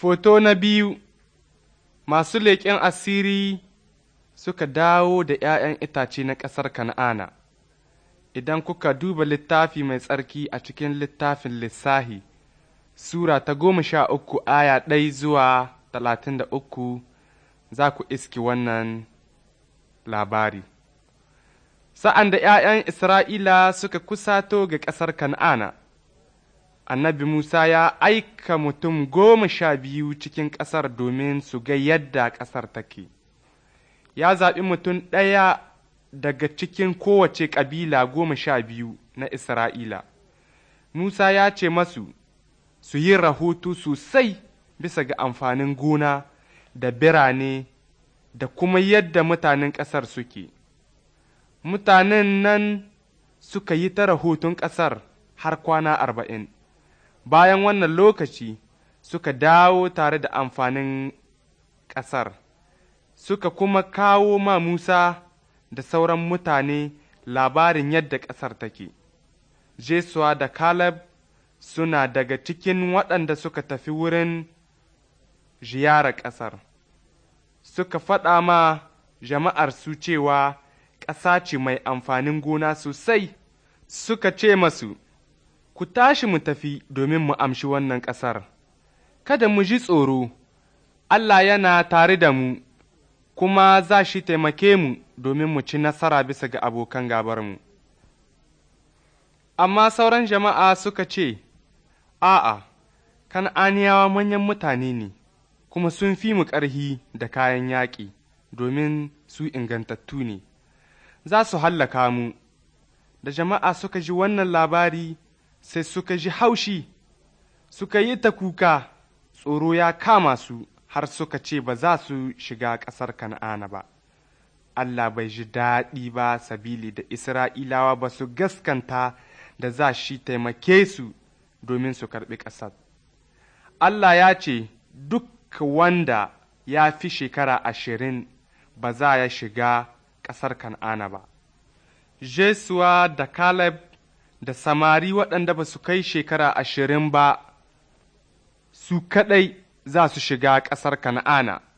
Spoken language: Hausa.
Foto na biyu Masu leƙen asiri suka dawo da ’ya'yan itace na ƙasar Kan'ana Idan kuka duba littafi mai tsarki a cikin littafin lissahi, Sura ta goma sha uku aya ɗai zuwa talatin da uku za ku iski wannan labari. Sa'an da ’ya'yan Isra'ila suka kusato ga ƙasar Kan'ana. annabi Musa ya aika mutum goma sha biyu cikin ƙasar domin su ga yadda ƙasar take. Ya zaɓi mutum ɗaya daga cikin kowace ƙabila goma sha biyu na Isra'ila. Musa ya ce masu su yi rahoto sosai bisa ga amfanin gona da birane da kuma yadda mutanen ƙasar suke. Mutanen nan suka yi ta rahoton ƙasar har kwana arba'in. bayan wannan lokaci suka dawo tare da amfanin ƙasar, suka kuma kawo ma Musa da sauran mutane labarin yadda ƙasar take. Jesuwa da Caleb suna daga cikin waɗanda suka tafi wurin ziyarar ƙasar, suka faɗa ma jama'ar su cewa ƙasa ce mai amfanin gona sosai, suka ce masu. Ku tashi mu tafi domin mu amshi wannan ƙasar, kada mu ji tsoro, Allah yana tare da mu, kuma za shi taimake mu domin mu ci nasara bisa ga abokan gabarmu. Amma sauran jama'a suka ce, A'a, kan'aniyawa manyan mutane ne, kuma sun fi mu ƙarhi da kayan yaƙi, domin su ingantattu ne, za su hallaka mu. Da jama'a suka ji wannan labari. sai suka ji haushi, suka yi ta kuka, tsoro ya kama su har suka ce ba za su shiga ƙasar Kan'ana ba. Allah bai ji daɗi ba sabili da Isra'ilawa ba su gaskanta da za shi taimake su domin su karɓi ƙasar. Allah ya ce, Duk wanda ya fi shekara ashirin ba za ya shiga ƙasar Kan'ana ba. Jesuwa da Caleb da samari waɗanda ba su kai shekara ashirin ba, su kaɗai za su shiga ƙasar Kana'ana.